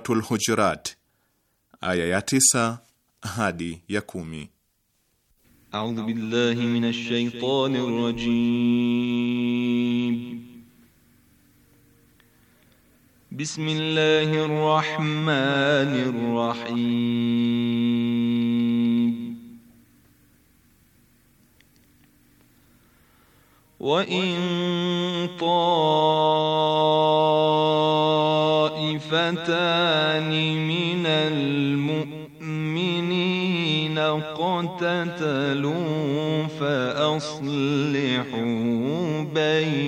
Suratul Hujurat aya ya tisa hadi ya kumi. A'udhu billahi minash shaitanir rajim. Bismillahir rahmanir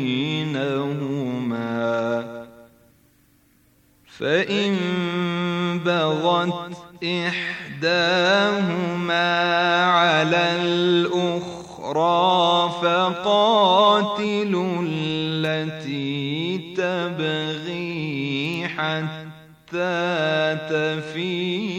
بينهما فإن بغت إحداهما على الأخرى فقاتل التي تبغي حتى تفيء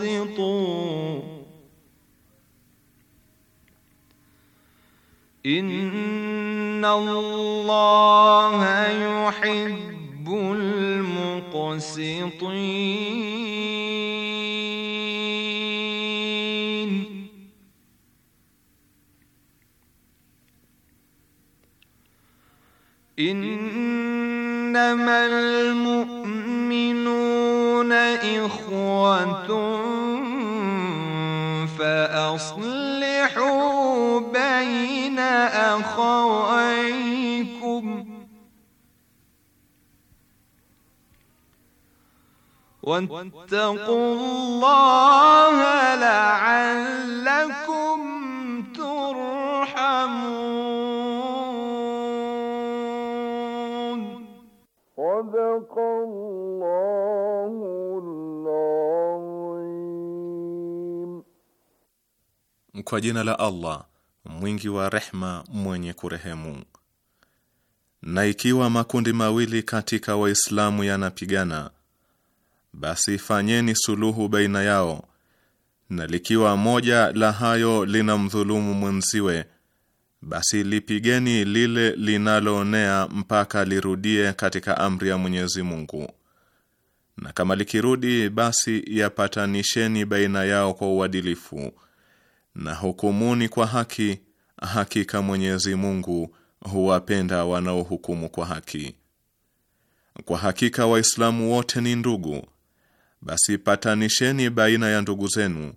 وَأَقْسِطُوا إِنَّ اللَّهَ يُحِبُّ الْمُقْسِطِينَ wattaqullaha la'allakum turhamun. Kwa jina la Allah mwingi wa rehma mwenye kurehemu. Na ikiwa makundi mawili katika Waislamu yanapigana basi fanyeni suluhu baina yao, na likiwa moja la hayo lina mdhulumu mwenziwe, basi lipigeni lile linaloonea mpaka lirudie katika amri ya Mwenyezi Mungu, na kama likirudi, basi yapatanisheni baina yao kwa uadilifu na hukumuni kwa haki. Hakika Mwenyezi Mungu huwapenda wanaohukumu kwa haki. Kwa hakika Waislamu wote ni ndugu basi patanisheni baina ya ndugu zenu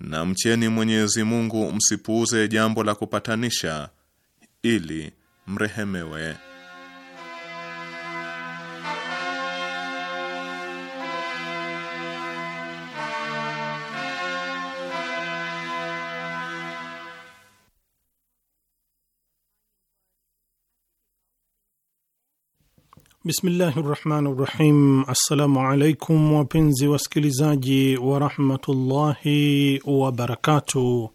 na mcheni Mwenyezi Mungu, msipuuze jambo la kupatanisha ili mrehemewe. Bismillahi rahmani rahim. Assalamu alaikum wapenzi wasikilizaji warahmatullahi wabarakatuh.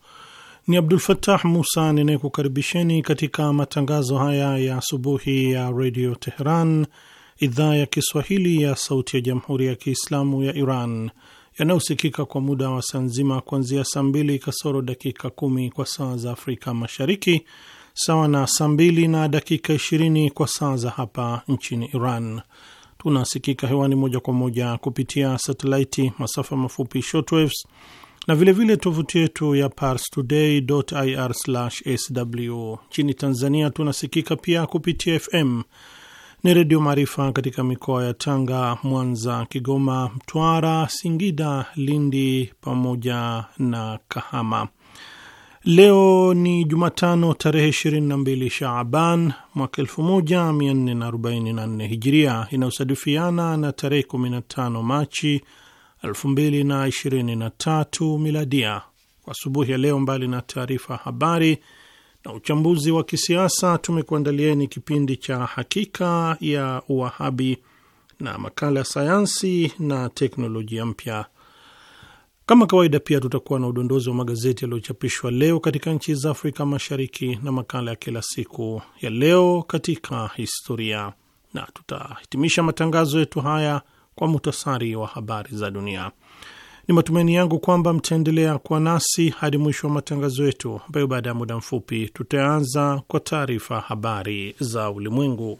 Ni Abdul Fattah Musa ninayekukaribisheni katika matangazo haya ya asubuhi ya redio Teheran, idhaa ya Kiswahili ya sauti ya jamhuri ya Kiislamu ya Iran, yanayosikika kwa muda wa saa nzima kuanzia saa mbili kasoro dakika kumi kwa saa za Afrika Mashariki, sawa na saa mbili na dakika ishirini kwa saa za hapa nchini Iran. Tunasikika hewani moja kwa moja kupitia satelaiti, masafa mafupi shortwaves na vilevile tovuti yetu ya parstoday.ir/sw. Nchini Tanzania tunasikika pia kupitia FM ni Redio Maarifa katika mikoa ya Tanga, Mwanza, Kigoma, Mtwara, Singida, Lindi pamoja na Kahama. Leo ni Jumatano tarehe 22 Shaaban mwaka 1444 Hijiria, inayosadifiana na tarehe 15 Machi 2023 Miladia. Kwa asubuhi ya leo, mbali na taarifa habari na uchambuzi wa kisiasa, tumekuandalieni kipindi cha Hakika ya Uwahabi na makala ya sayansi na teknolojia mpya kama kawaida, pia tutakuwa na udondozi wa magazeti yaliyochapishwa leo katika nchi za Afrika Mashariki na makala ya kila siku ya leo katika historia, na tutahitimisha matangazo yetu haya kwa muhtasari wa habari za dunia. Ni matumaini yangu kwamba mtaendelea kuwa nasi hadi mwisho wa matangazo yetu, ambayo baada ya muda mfupi tutaanza kwa taarifa habari za ulimwengu.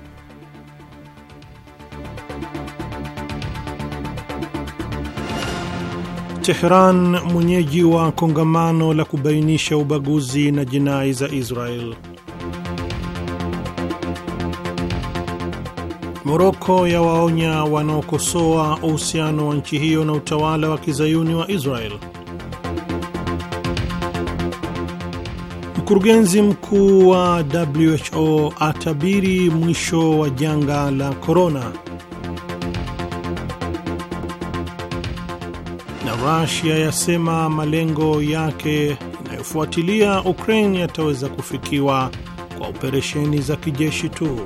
Tehran mwenyeji wa kongamano la kubainisha ubaguzi na jinai za Israel. Moroko yawaonya wanaokosoa uhusiano wa nchi hiyo na utawala wa kizayuni wa Israel. Mkurugenzi mkuu wa WHO atabiri mwisho wa janga la korona. Russia yasema malengo yake inayofuatilia Ukraine yataweza kufikiwa kwa operesheni za kijeshi tu.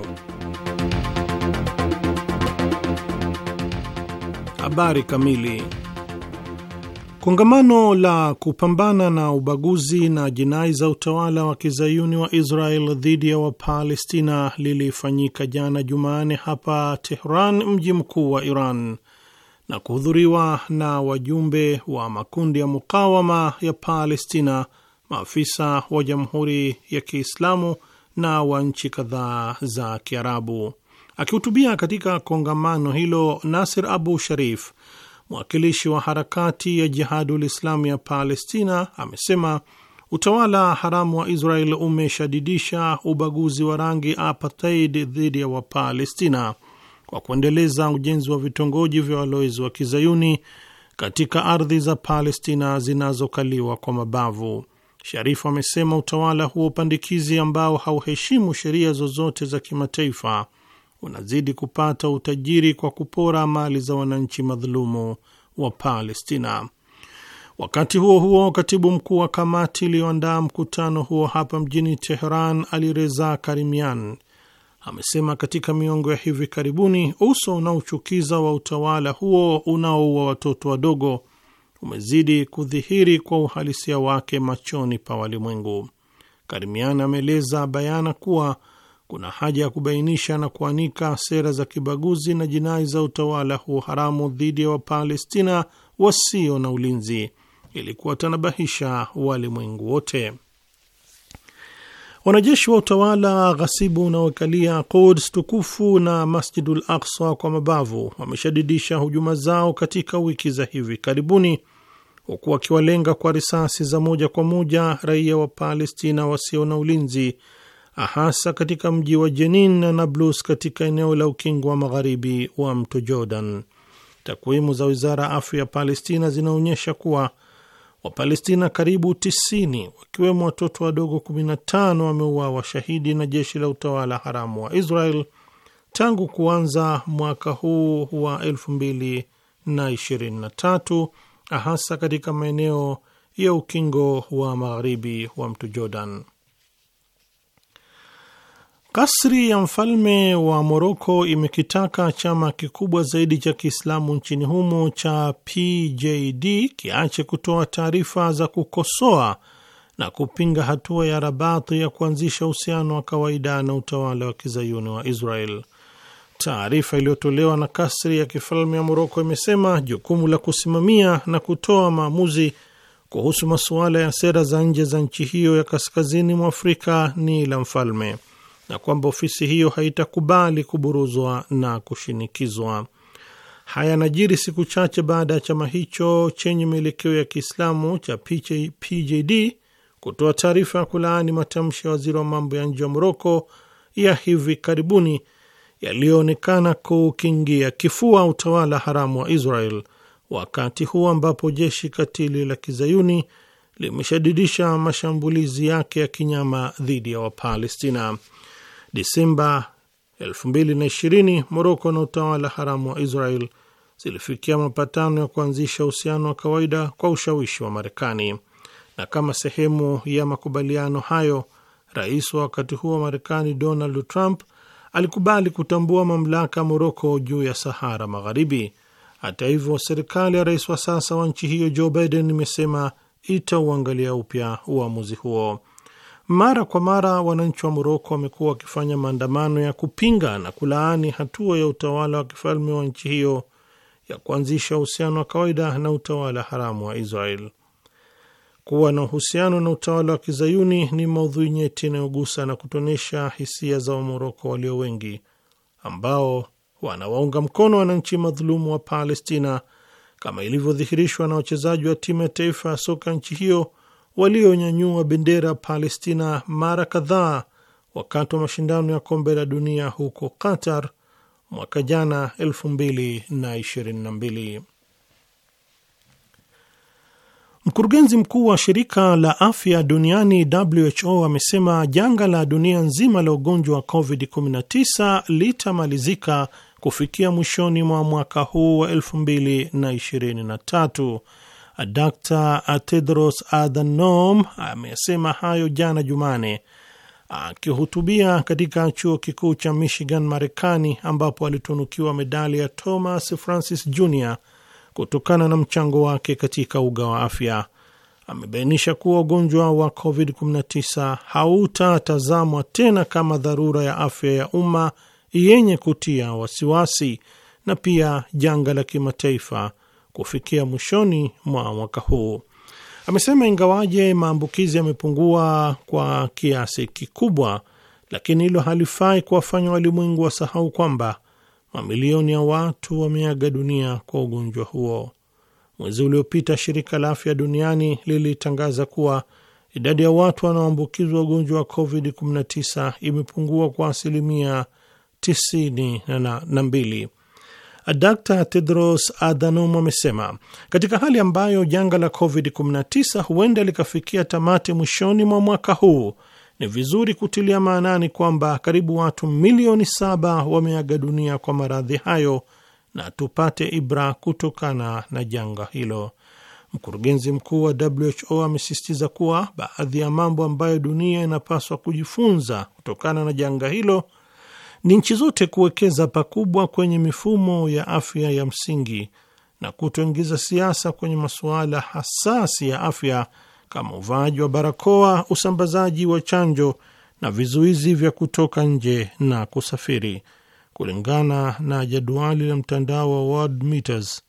Habari kamili. Kongamano la kupambana na ubaguzi na jinai za utawala wa kizayuni wa Israel dhidi ya Wapalestina lilifanyika jana Jumanne hapa Tehran, mji mkuu wa Iran na kuhudhuriwa na wajumbe wa makundi ya mukawama ya Palestina, maafisa wa Jamhuri ya Kiislamu na wa nchi kadhaa za Kiarabu. Akihutubia katika kongamano hilo, Nasir Abu Sharif, mwakilishi wa harakati ya Jihadul Islamu ya Palestina, amesema utawala haramu wa Israel umeshadidisha ubaguzi wa rangi apartheid dhidi ya Wapalestina kwa kuendeleza ujenzi wa vitongoji vya walowezi wa kizayuni katika ardhi za Palestina zinazokaliwa kwa mabavu. Sharifu amesema utawala huo upandikizi ambao hauheshimu sheria zozote za kimataifa unazidi kupata utajiri kwa kupora mali za wananchi madhulumu wa Palestina. Wakati huo huo, katibu mkuu wa kamati iliyoandaa mkutano huo hapa mjini Teheran, Alireza Karimian, amesema katika miongo ya hivi karibuni uso unaochukiza wa utawala huo unaoua watoto wadogo umezidi kudhihiri kwa uhalisia wake machoni pa walimwengu. Karimiana ameeleza bayana kuwa kuna haja ya kubainisha na kuanika sera za kibaguzi na jinai za utawala huo haramu dhidi ya Wapalestina wasio na ulinzi ili kuwatanabahisha walimwengu wote. Wanajeshi wa utawala ghasibu unaokalia Quds tukufu na Masjidul Aqsa kwa mabavu wameshadidisha hujuma zao katika wiki za hivi karibuni, huku wakiwalenga kwa risasi za moja kwa moja raia wa Palestina wasio na ulinzi, hasa katika mji wa Jenin na Nablus katika eneo la ukingo wa magharibi wa mto Jordan. Takwimu za wizara ya afya ya Palestina zinaonyesha kuwa Wapalestina karibu 90 wakiwemo watoto wadogo 15 wameuawa washahidi na jeshi la utawala haramu wa Israel tangu kuanza mwaka huu wa 2023 hasa katika maeneo ya ukingo wa magharibi wa mto Jordan. Kasri ya mfalme wa Moroko imekitaka chama kikubwa zaidi cha Kiislamu nchini humo cha PJD kiache kutoa taarifa za kukosoa na kupinga hatua ya Rabat ya kuanzisha uhusiano wa kawaida na utawala wa kizayuni wa Israel. Taarifa iliyotolewa na kasri ya kifalme ya Moroko imesema jukumu la kusimamia na kutoa maamuzi kuhusu masuala ya sera za nje za nchi hiyo ya kaskazini mwa Afrika ni la mfalme na kwamba ofisi hiyo haitakubali kuburuzwa na kushinikizwa. Haya yanajiri siku chache baada ya chama hicho chenye mielekeo ya Kiislamu cha PJD kutoa taarifa ya kulaani matamshi ya waziri wa mambo ya nje wa Moroko ya hivi karibuni yaliyoonekana kukingia kifua utawala haramu wa Israel, wakati huu ambapo jeshi katili la kizayuni limeshadidisha mashambulizi yake ya kinyama dhidi ya Wapalestina. Disemba 2020 Moroko na utawala haramu wa Israel zilifikia mapatano ya kuanzisha uhusiano wa kawaida kwa ushawishi wa Marekani, na kama sehemu ya makubaliano hayo, rais wa wakati huo wa Marekani Donald Trump alikubali kutambua mamlaka ya Moroko juu ya Sahara Magharibi. Hata hivyo, serikali ya rais wa sasa wa nchi hiyo Joe Biden imesema itauangalia upya uamuzi huo. Mara kwa mara wananchi wa Moroko wamekuwa wakifanya maandamano ya kupinga na kulaani hatua ya utawala wa kifalme wa nchi hiyo ya kuanzisha uhusiano wa kawaida na utawala haramu wa Israel. Kuwa na uhusiano na utawala wa kizayuni ni maudhui nyeti inayogusa na kutonesha hisia za Wamoroko walio wengi ambao wanawaunga mkono wananchi madhulumu wa Palestina, kama ilivyodhihirishwa na wachezaji wa timu ya taifa ya soka nchi hiyo walionyanyua bendera Palestina mara kadhaa wakati wa mashindano ya kombe la dunia huko Qatar mwaka jana 2022. Mkurugenzi mkuu wa shirika la afya duniani WHO amesema janga la dunia nzima la ugonjwa wa COVID-19 litamalizika kufikia mwishoni mwa mwaka huu wa Dr Tedros Adhanom amesema hayo jana Jumane akihutubia katika chuo kikuu cha Michigan, Marekani, ambapo alitunukiwa medali ya Thomas Francis Jr kutokana na mchango wake katika uga wa afya. Amebainisha kuwa ugonjwa wa COVID-19 hautatazamwa tena kama dharura ya afya ya umma yenye kutia wasiwasi na pia janga la kimataifa kufikia mwishoni mwa mwaka huu. Amesema ingawaje maambukizi yamepungua kwa kiasi kikubwa, lakini hilo halifai kuwafanya walimwengu wasahau kwamba mamilioni ya watu wameaga dunia kwa ugonjwa huo. Mwezi uliopita shirika la afya duniani lilitangaza kuwa idadi ya watu wanaoambukizwa ugonjwa wa COVID-19 imepungua kwa asilimia 92. Dr Tedros Adhanom amesema katika hali ambayo janga la COVID-19 huenda likafikia tamati mwishoni mwa mwaka huu, ni vizuri kutilia maanani kwamba karibu watu milioni saba wameaga dunia kwa maradhi hayo na tupate ibra kutokana na janga hilo. Mkurugenzi mkuu wa WHO amesisitiza kuwa baadhi ya mambo ambayo dunia inapaswa kujifunza kutokana na janga hilo ni nchi zote kuwekeza pakubwa kwenye mifumo ya afya ya msingi na kutoingiza siasa kwenye masuala hasasi ya afya kama uvaaji wa barakoa, usambazaji wa chanjo na vizuizi vya kutoka nje na kusafiri. Kulingana na jadwali la mtandao wa World Meters,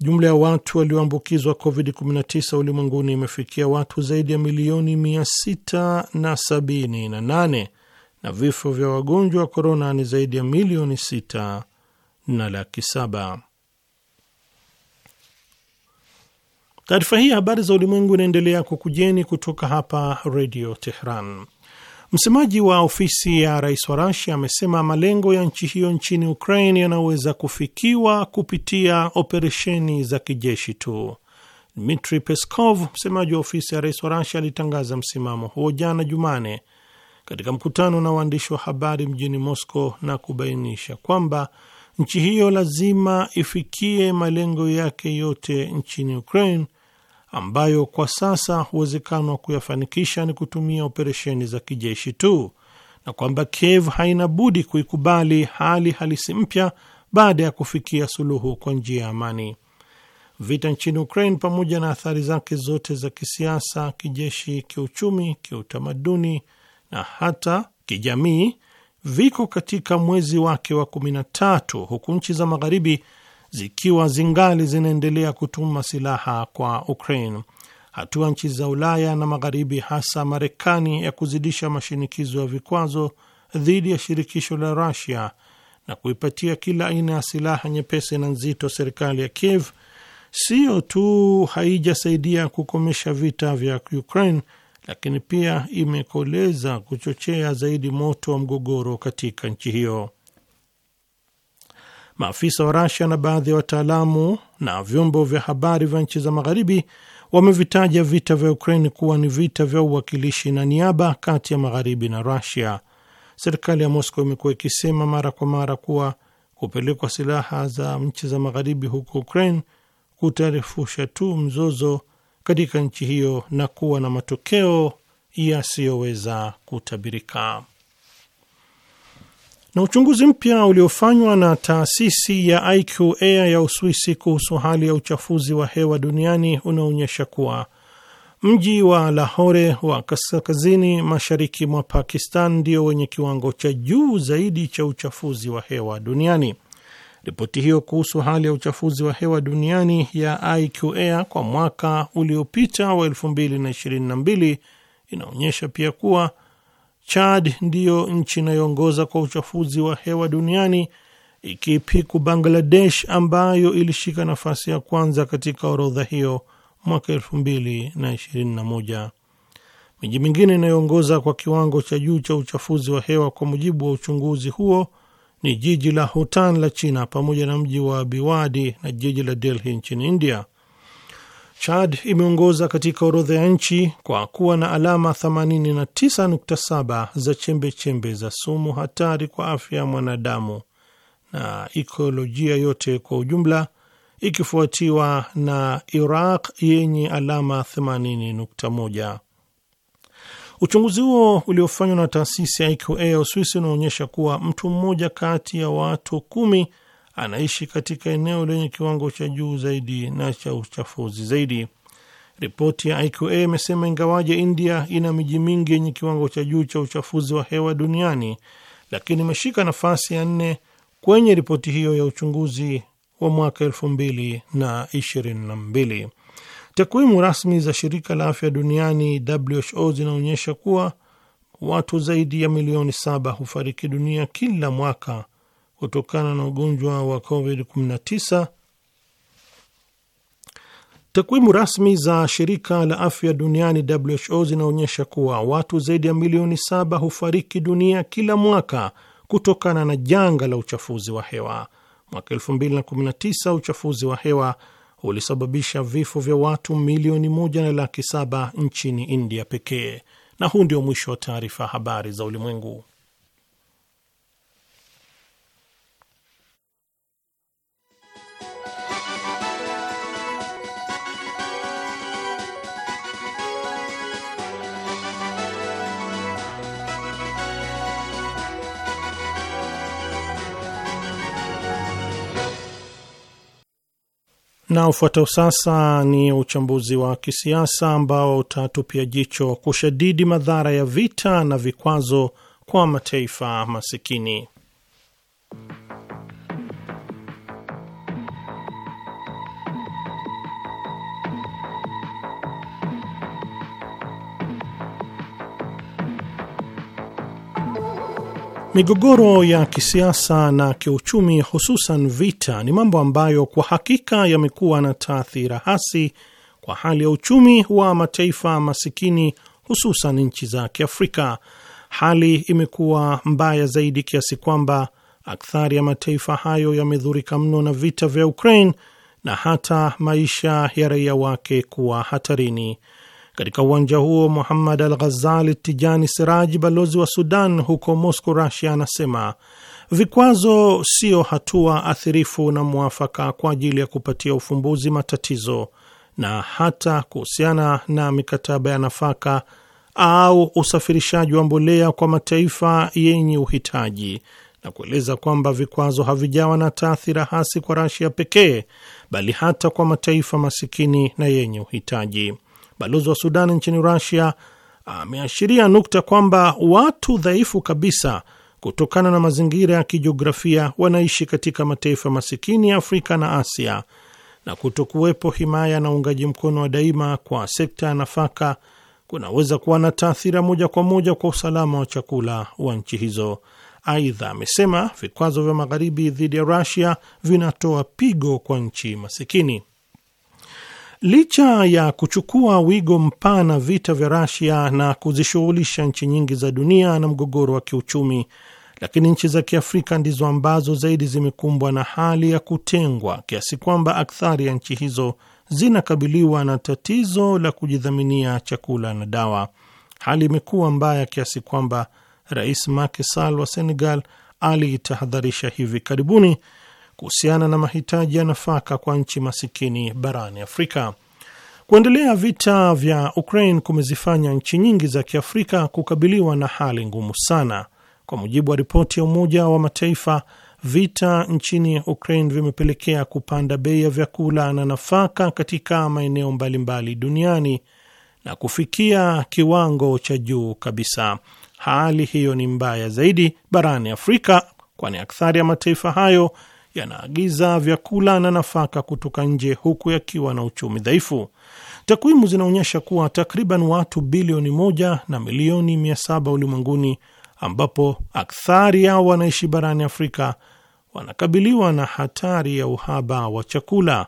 jumla ya watu walioambukizwa COVID-19 ulimwenguni imefikia watu zaidi ya milioni 678 na vifo vya wagonjwa wa korona ni zaidi ya milioni sita na laki saba. Taarifa hii habari za ulimwengu inaendelea kukujeni kutoka hapa Redio Tehran. Msemaji wa ofisi ya rais wa Rasia amesema malengo ya nchi hiyo nchini Ukraine yanaweza kufikiwa kupitia operesheni za kijeshi tu. Dmitri Peskov, msemaji wa ofisi ya rais wa Rasia, alitangaza msimamo huo jana Jumane katika mkutano na waandishi wa habari mjini Moscow na kubainisha kwamba nchi hiyo lazima ifikie malengo yake yote nchini Ukraine ambayo kwa sasa uwezekano wa kuyafanikisha ni kutumia operesheni za kijeshi tu na kwamba Kiev haina budi kuikubali hali halisi mpya baada ya kufikia suluhu kwa njia ya amani. Vita nchini Ukraine pamoja na athari zake zote za kisiasa, kijeshi, kiuchumi, kiutamaduni na hata kijamii viko katika mwezi wake wa tatu huku nchi za magharibi zikiwa zingali zinaendelea kutuma silaha kwa Ukraine. Hatua nchi za Ulaya na magharibi, hasa Marekani, ya kuzidisha mashinikizo ya vikwazo dhidi ya shirikisho la rasia na kuipatia kila aina ya silaha nyepesi na nzito serikali ya Kiev siyo tu haijasaidia kukomesha vita vya Ukraine lakini pia imekoleza kuchochea zaidi moto wa mgogoro katika nchi hiyo. Maafisa wa Rasia na baadhi ya wataalamu na vyombo vya habari vya nchi za magharibi wamevitaja vita vya Ukraini kuwa ni vita vya uwakilishi na niaba kati ya magharibi na Rasia. Serikali ya Moscow imekuwa ikisema mara kwa mara kuwa kupelekwa silaha za nchi za magharibi huko Ukraine kutarefusha tu mzozo katika nchi hiyo na kuwa na matokeo yasiyoweza kutabirika. Na uchunguzi mpya uliofanywa na taasisi ya IQA ya Uswisi kuhusu hali ya uchafuzi wa hewa duniani unaonyesha kuwa mji wa Lahore wa kaskazini mashariki mwa Pakistan ndio wenye kiwango cha juu zaidi cha uchafuzi wa hewa duniani. Ripoti hiyo kuhusu hali ya uchafuzi wa hewa duniani ya IQAir kwa mwaka uliopita wa 2022 inaonyesha pia kuwa Chad ndiyo nchi inayoongoza kwa uchafuzi wa hewa duniani ikipiku Bangladesh ambayo ilishika nafasi ya kwanza katika orodha hiyo mwaka 2021. Miji mingine inayoongoza kwa kiwango cha juu cha uchafuzi wa hewa kwa mujibu wa uchunguzi huo ni jiji la Hutan la China pamoja na mji wa Biwadi na jiji la Delhi nchini India. Chad imeongoza katika orodha ya nchi kwa kuwa na alama 89.7 za chembe chembe za sumu hatari kwa afya ya mwanadamu na ikolojia yote kwa ujumla, ikifuatiwa na Iraq yenye alama 80.1. Uchunguzi huo uliofanywa na taasisi ya IQA ya Uswisi unaonyesha kuwa mtu mmoja kati ya watu kumi anaishi katika eneo lenye kiwango cha juu zaidi na cha uchafuzi zaidi. Ripoti ya IQA imesema ingawaje India ina miji mingi yenye kiwango cha juu cha uchafuzi wa hewa duniani, lakini imeshika nafasi ya nne kwenye ripoti hiyo ya uchunguzi wa mwaka elfu mbili na ishirini na mbili. Takwimu rasmi za shirika la afya duniani WHO zinaonyesha kuwa watu zaidi ya milioni saba hufariki dunia kila mwaka kutokana na ugonjwa wa COVID-19. Takwimu rasmi za shirika la afya duniani WHO zinaonyesha kuwa watu zaidi ya milioni saba hufariki dunia kila mwaka kutokana na janga la uchafuzi wa hewa. Mwaka 2019 uchafuzi wa hewa ulisababisha vifo vya watu milioni moja na laki saba nchini India pekee. Na huu ndio mwisho wa taarifa habari za ulimwengu. Na ufuatao sasa ni uchambuzi wa kisiasa ambao utatupia jicho kushadidi madhara ya vita na vikwazo kwa mataifa masikini. Migogoro ya kisiasa na kiuchumi, hususan vita, ni mambo ambayo kwa hakika yamekuwa na taathira hasi kwa hali ya uchumi wa mataifa masikini, hususan nchi za Kiafrika. Hali imekuwa mbaya zaidi kiasi kwamba akthari ya mataifa hayo yamedhurika mno na vita vya Ukraine na hata maisha ya raia wake kuwa hatarini. Katika uwanja huo, Muhammad Al Ghazali Tijani Siraji, balozi wa Sudan huko Moscow, rasia anasema vikwazo sio hatua athirifu na mwafaka kwa ajili ya kupatia ufumbuzi matatizo na hata kuhusiana na mikataba ya nafaka au usafirishaji wa mbolea kwa mataifa yenye uhitaji na kueleza kwamba vikwazo havijawa na taathira hasi kwa Rasia pekee bali hata kwa mataifa masikini na yenye uhitaji. Balozi wa Sudan nchini rusia ameashiria nukta kwamba watu dhaifu kabisa kutokana na mazingira ya kijiografia wanaishi katika mataifa masikini ya Afrika na Asia, na kutokuwepo himaya na uungaji mkono wa daima kwa sekta ya nafaka kunaweza kuwa na taathira moja kwa moja kwa usalama wa chakula wa nchi hizo. Aidha, amesema vikwazo vya Magharibi dhidi ya Rusia vinatoa pigo kwa nchi masikini. Licha ya kuchukua wigo mpana vita vya Rasia na kuzishughulisha nchi nyingi za dunia na mgogoro wa kiuchumi, lakini nchi za Kiafrika ndizo ambazo zaidi zimekumbwa na hali ya kutengwa kiasi kwamba akthari ya nchi hizo zinakabiliwa na tatizo la kujidhaminia chakula na dawa. Hali imekuwa mbaya kiasi kwamba Rais Macky Sall wa Senegal aliitahadharisha hivi karibuni kuhusiana na mahitaji ya nafaka kwa nchi masikini barani Afrika. Kuendelea vita vya Ukraine kumezifanya nchi nyingi za Kiafrika kukabiliwa na hali ngumu sana. Kwa mujibu wa ripoti ya Umoja wa Mataifa, vita nchini Ukraine vimepelekea kupanda bei ya vyakula na nafaka katika maeneo mbalimbali duniani na kufikia kiwango cha juu kabisa. Hali hiyo ni mbaya zaidi barani Afrika, kwani akthari ya mataifa hayo yanaagiza vyakula na nafaka kutoka nje huku yakiwa na uchumi dhaifu. Takwimu zinaonyesha kuwa takriban watu bilioni moja na milioni mia saba ulimwenguni, ambapo akthari yao wanaishi barani Afrika, wanakabiliwa na hatari ya uhaba wa chakula.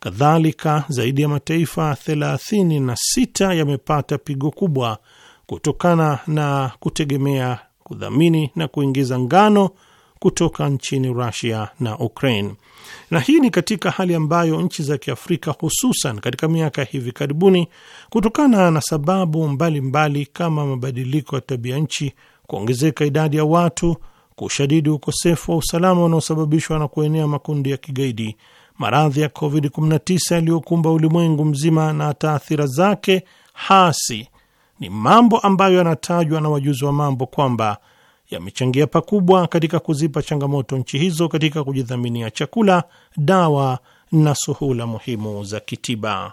Kadhalika, zaidi ya mataifa 36 yamepata pigo kubwa kutokana na kutegemea kudhamini na kuingiza ngano kutoka nchini Rusia na Ukraine. Na hii ni katika hali ambayo nchi za Kiafrika, hususan katika miaka ya hivi karibuni, kutokana na sababu mbalimbali mbali kama mabadiliko ya tabia nchi, kuongezeka idadi ya watu, kushadidi ukosefu wa usalama unaosababishwa na kuenea makundi ya kigaidi, maradhi ya COVID-19 yaliyokumba ulimwengu mzima na taathira zake hasi, ni mambo ambayo yanatajwa na wajuzi wa mambo kwamba yamechangia pakubwa katika kuzipa changamoto nchi hizo katika kujidhaminia chakula, dawa na suhula muhimu za kitiba.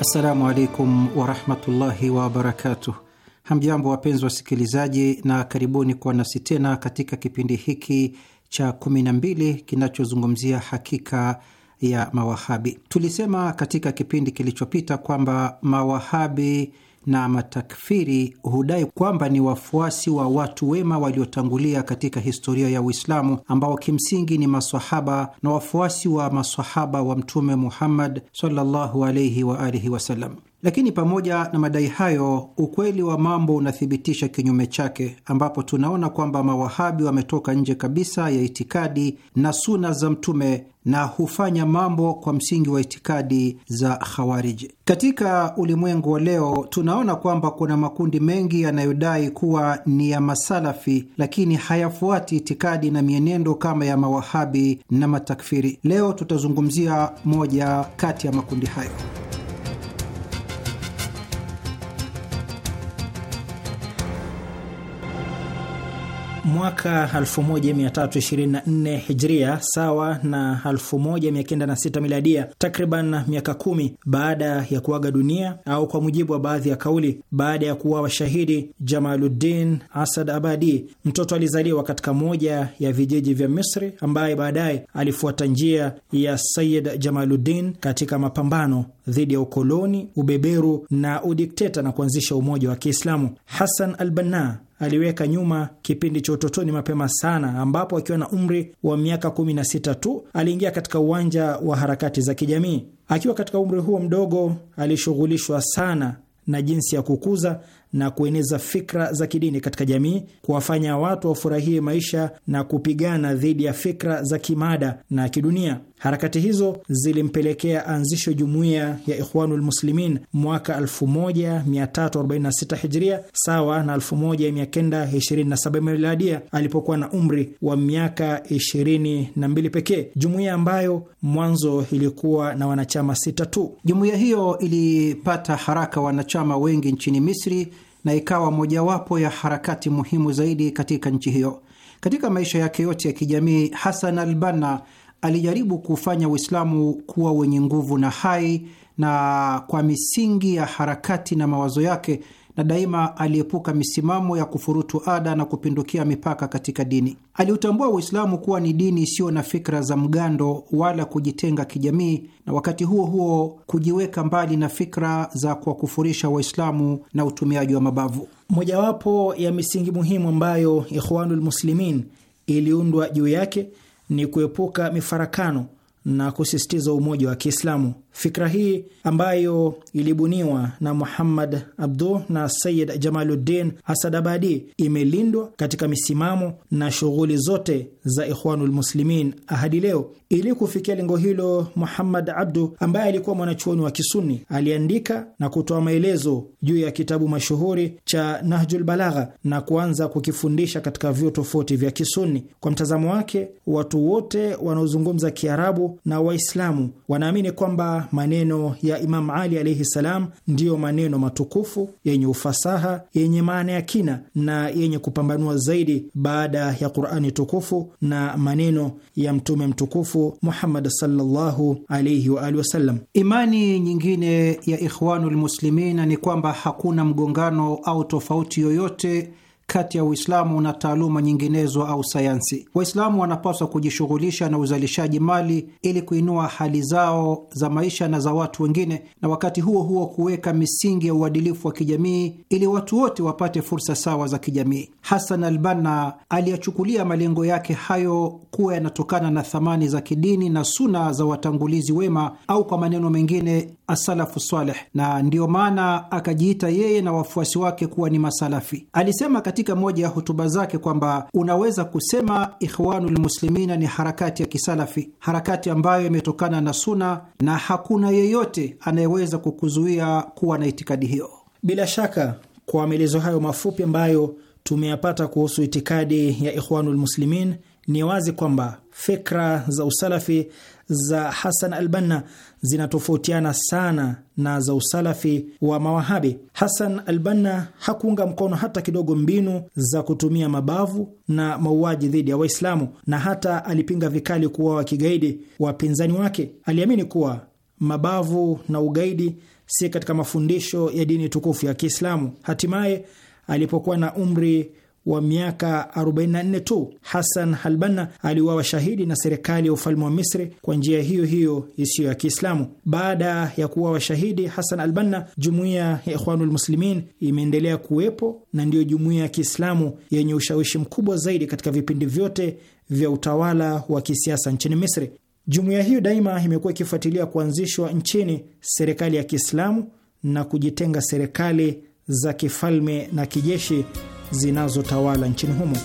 Assalamu alaikum warahmatullahi wabarakatuh. Hamjambo wapenzi wasikilizaji, na karibuni kuwa nasi tena katika kipindi hiki cha 12 kinachozungumzia hakika ya Mawahabi. Tulisema katika kipindi kilichopita kwamba Mawahabi na matakfiri hudai kwamba ni wafuasi wa watu wema waliotangulia katika historia ya Uislamu ambao kimsingi ni masahaba na wafuasi wa masahaba wa Mtume Muhammad sallallahu alaihi wa alihi wasallam. Lakini pamoja na madai hayo, ukweli wa mambo unathibitisha kinyume chake, ambapo tunaona kwamba mawahabi wametoka nje kabisa ya itikadi na suna za Mtume na hufanya mambo kwa msingi wa itikadi za Khawariji. Katika ulimwengu wa leo, tunaona kwamba kuna makundi mengi yanayodai kuwa ni ya masalafi, lakini hayafuati itikadi na mienendo kama ya mawahabi na matakfiri. Leo tutazungumzia moja kati ya makundi hayo. mwaka 1324 hijria sawa na 1906 miladia, takriban miaka kumi baada ya kuaga dunia au kwa mujibu wa baadhi ya kauli, baada ya kuwa shahidi Jamaluddin Asad Abadi, mtoto alizaliwa katika moja ya vijiji vya Misri ambaye baadaye alifuata njia ya sayid Jamaluddin katika mapambano dhidi ya ukoloni, ubeberu na udikteta na kuanzisha umoja wa Kiislamu. hasan al-Banna aliweka nyuma kipindi cha utotoni mapema sana, ambapo akiwa na umri wa miaka 16 tu aliingia katika uwanja wa harakati za kijamii. Akiwa katika umri huo mdogo, alishughulishwa sana na jinsi ya kukuza na kueneza fikra za kidini katika jamii, kuwafanya watu wafurahie maisha na kupigana dhidi ya fikra za kimada na kidunia. Harakati hizo zilimpelekea anzisho jumuiya ya Ikhwanul Muslimin mwaka 1346 Hijria, sawa na 1927 Miladia, alipokuwa na umri wa miaka 22 pekee, jumuiya ambayo mwanzo ilikuwa na wanachama sita tu. Jumuiya hiyo ilipata haraka wanachama wengi nchini Misri na ikawa mojawapo ya harakati muhimu zaidi katika nchi hiyo. Katika maisha yake yote ya kijamii, Hasan albana alijaribu kufanya Uislamu kuwa wenye nguvu na hai, na kwa misingi ya harakati na mawazo yake na daima aliepuka misimamo ya kufurutu ada na kupindukia mipaka katika dini. Aliutambua Uislamu kuwa ni dini isiyo na fikra za mgando wala kujitenga kijamii, na wakati huo huo kujiweka mbali na fikra za kuwakufurisha Waislamu na utumiaji wa mabavu. Mojawapo ya misingi muhimu ambayo Ikhwanul Muslimin iliundwa juu yake ni kuepuka mifarakano na kusisitiza umoja wa Kiislamu. Fikra hii ambayo ilibuniwa na Muhammad abdu na Sayid Jamaluddin Asadabadi imelindwa katika misimamo na shughuli zote za Ikhwanul Muslimin hadi leo. Ili kufikia lengo hilo, Muhammad Abdu ambaye alikuwa mwanachuoni wa Kisuni aliandika na kutoa maelezo juu ya kitabu mashuhuri cha Nahjul Balagha na kuanza kukifundisha katika vyuo tofauti vya Kisuni. Kwa mtazamo wake, watu wote wanaozungumza Kiarabu na Waislamu wanaamini kwamba maneno ya Imam Ali alaihi salam ndiyo maneno matukufu yenye ufasaha, yenye maana ya kina na yenye kupambanua zaidi baada ya Qurani tukufu na maneno ya Mtume mtukufu Muhammad sallallahu alaihi waalihi wasallam. Imani nyingine ya Ikhwanul ni kwamba hakuna mgongano au tofauti yoyote kati ya Uislamu na taaluma nyinginezo au sayansi. Waislamu wanapaswa kujishughulisha na uzalishaji mali ili kuinua hali zao za maisha na za watu wengine, na wakati huo huo kuweka misingi ya uadilifu wa kijamii ili watu wote wapate fursa sawa za kijamii. Hasan albana aliyachukulia malengo yake hayo kuwa yanatokana na thamani za kidini na suna za watangulizi wema, au kwa maneno mengine asalafu saleh, na ndiyo maana akajiita yeye na wafuasi wake kuwa ni masalafi. Alisema katika moja ya hutuba zake kwamba unaweza kusema Ikhwanul Muslimina ni harakati ya kisalafi, harakati ambayo imetokana na suna, na hakuna yeyote anayeweza kukuzuia kuwa na itikadi hiyo. Bila shaka kwa maelezo hayo mafupi ambayo tumeyapata kuhusu itikadi ya Ikhwanul Muslimin, ni wazi kwamba fikra za usalafi za Hasan Albanna zinatofautiana sana na za usalafi wa mawahabi. Hasan Albanna hakuunga mkono hata kidogo mbinu za kutumia mabavu na mauaji dhidi ya Waislamu, na hata alipinga vikali wa kigaidi wapinzani wake. Aliamini kuwa mabavu na ugaidi si katika mafundisho ya dini tukufu ya Kiislamu. Hatimaye alipokuwa na umri wa miaka 44 tu. Hassan Halbanna aliuawa shahidi na serikali ya ufalme wa Misri kwa njia hiyo hiyo isiyo ya Kiislamu. Baada ya kuuawa shahidi Hassan Albanna, jumuiya ya Ikhwanul Muslimin imeendelea kuwepo na ndiyo jumuiya ya Kiislamu yenye ushawishi mkubwa zaidi katika vipindi vyote vya utawala wa kisiasa nchini Misri. Jumuiya hiyo daima imekuwa ikifuatilia kuanzishwa nchini serikali ya Kiislamu na kujitenga serikali za kifalme na kijeshi zinazotawala nchini humo.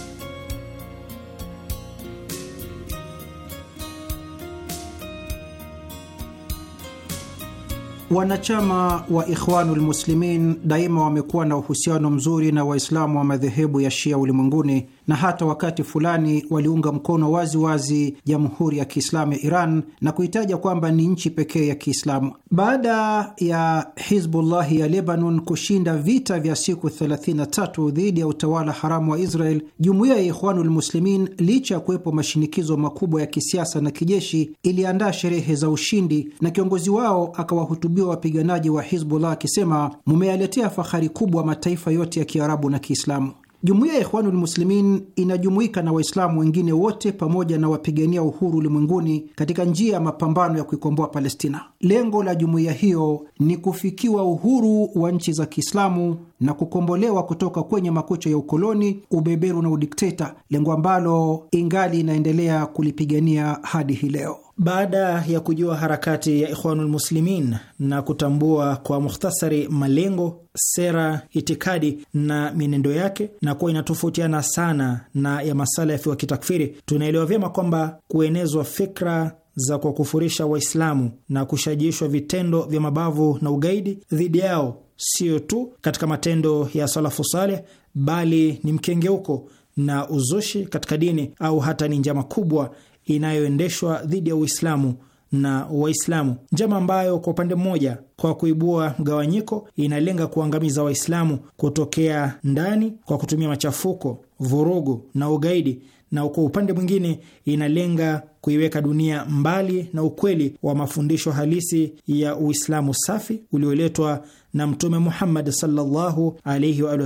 Wanachama wa Ikhwanul Muslimin daima wamekuwa na uhusiano mzuri na Waislamu wa madhehebu ya Shia ulimwenguni na hata wakati fulani waliunga mkono waziwazi Jamhuri ya Kiislamu ya Iran na kuitaja kwamba ni nchi pekee ya Kiislamu. Baada ya Hizbullahi ya Lebanon kushinda vita vya siku 33 dhidi ya utawala haramu wa Israel, jumuiya ya Ikhwanul Muslimin, licha ya kuwepo mashinikizo makubwa ya kisiasa na kijeshi, iliandaa sherehe za ushindi na kiongozi wao akawahutubu akihutubia wapiganaji wa Hizbullah akisema, mumeyaletea fahari kubwa mataifa yote ya Kiarabu na Kiislamu. Jumuiya ya Ikhwanul Muslimin inajumuika na Waislamu wengine wote pamoja na wapigania uhuru ulimwenguni katika njia ya mapambano ya kuikomboa Palestina. Lengo la jumuiya hiyo ni kufikiwa uhuru wa nchi za Kiislamu na kukombolewa kutoka kwenye makucha ya ukoloni, ubeberu na udikteta, lengo ambalo ingali inaendelea kulipigania hadi hii leo. Baada ya kujua harakati ya Ikhwanul Muslimin na kutambua kwa mukhtasari malengo, sera, itikadi na mienendo yake na kuwa inatofautiana sana na ya masalafi wa kitakfiri, tunaelewa vyema kwamba kuenezwa fikra za kuwakufurisha Waislamu na kushajiishwa vitendo vya mabavu na ugaidi dhidi yao sio tu katika matendo ya salafu saleh, bali ni mkengeuko na uzushi katika dini au hata ni njama kubwa inayoendeshwa dhidi ya Uislamu na Waislamu, njama ambayo kwa upande mmoja, kwa kuibua mgawanyiko, inalenga kuangamiza Waislamu kutokea ndani kwa kutumia machafuko, vurugu na ugaidi, na kwa upande mwingine inalenga kuiweka dunia mbali na ukweli wa mafundisho halisi ya Uislamu safi ulioletwa na Mtume Muhammad sallallahu alaihi wa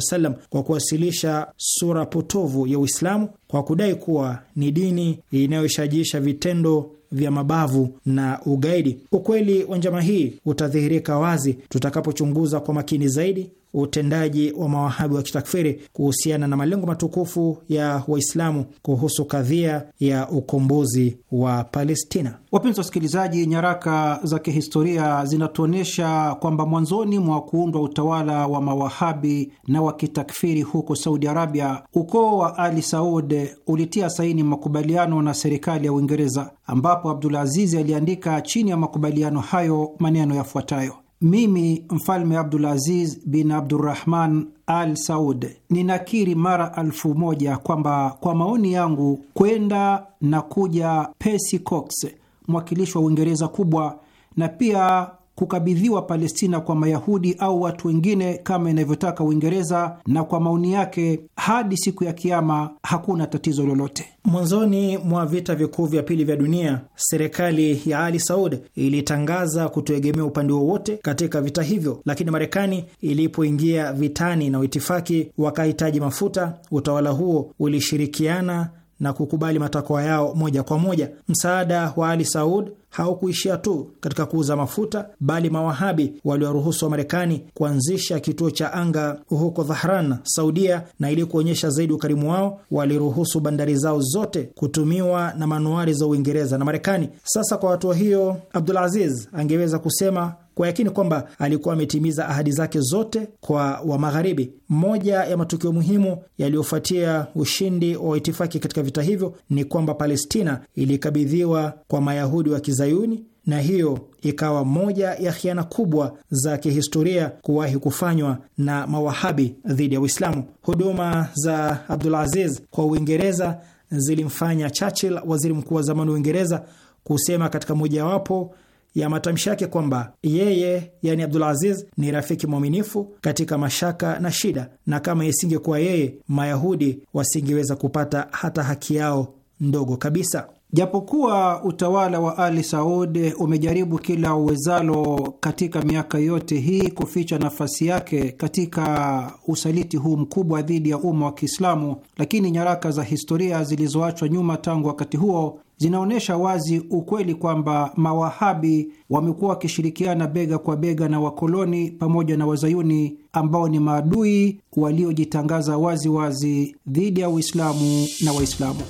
kwa kuwasilisha sura potovu ya Uislamu kwa kudai kuwa ni dini inayoshajiisha vitendo vya mabavu na ugaidi. Ukweli wa njama hii utadhihirika wazi tutakapochunguza kwa makini zaidi utendaji wa mawahabi wa kitakfiri kuhusiana na malengo matukufu ya Waislamu kuhusu kadhia ya ukombozi wa Palestina. Wapenzi wasikilizaji, nyaraka za kihistoria zinatuonyesha kwamba mwanzoni mwa kuundwa utawala wa mawahabi na wa kitakfiri huko Saudi Arabia, ukoo wa Ali Saud ulitia saini makubaliano na serikali ya Uingereza ambapo Abdulaziz aliandika chini ya makubaliano hayo maneno yafuatayo: mimi mfalme Abdulaziz bin Abdurrahman al Saud ninakiri mara alfu moja kwamba kwa maoni yangu kwenda na kuja Percy Cox mwakilishi wa Uingereza kubwa na pia kukabidhiwa Palestina kwa Mayahudi au watu wengine kama inavyotaka Uingereza, na kwa maoni yake hadi siku ya Kiama hakuna tatizo lolote. Mwanzoni mwa vita vikuu vya pili vya dunia, serikali ya Ali Saud ilitangaza kutoegemea upande wowote katika vita hivyo, lakini Marekani ilipoingia vitani na Uitifaki wakahitaji mafuta, utawala huo ulishirikiana na kukubali matakwa yao moja kwa moja. Msaada wa Ali Saud haukuishia tu katika kuuza mafuta, bali mawahabi waliwaruhusu wa Marekani kuanzisha kituo cha anga huko Dhahran, Saudia, na ili kuonyesha zaidi ukarimu wao waliruhusu bandari zao zote kutumiwa na manuari za Uingereza na Marekani. Sasa kwa hatua hiyo, abdul aziz angeweza kusema kwa yakini kwamba alikuwa ametimiza ahadi zake zote kwa Wamagharibi. Moja ya matukio muhimu yaliyofuatia ushindi wa itifaki katika vita hivyo ni kwamba Palestina ilikabidhiwa kwa Mayahudi wa Kizayuni, na hiyo ikawa moja ya khiana kubwa za kihistoria kuwahi kufanywa na Mawahabi dhidi ya Uislamu. Huduma za Abdulaziz kwa Uingereza zilimfanya Churchill, waziri mkuu wa zamani wa Uingereza, kusema katika mojawapo ya matamshi yake kwamba yeye, yani Abdul Aziz, ni rafiki mwaminifu katika mashaka na shida, na kama isingekuwa yeye, Mayahudi wasingeweza kupata hata haki yao ndogo kabisa. Japokuwa utawala wa Ali Saud umejaribu kila uwezalo katika miaka yote hii kuficha nafasi yake katika usaliti huu mkubwa dhidi ya umma wa Kiislamu, lakini nyaraka za historia zilizoachwa nyuma tangu wakati huo zinaonyesha wazi ukweli kwamba mawahabi wamekuwa wakishirikiana bega kwa bega na wakoloni pamoja na wazayuni ambao ni maadui waliojitangaza waziwazi dhidi ya Uislamu na Waislamu.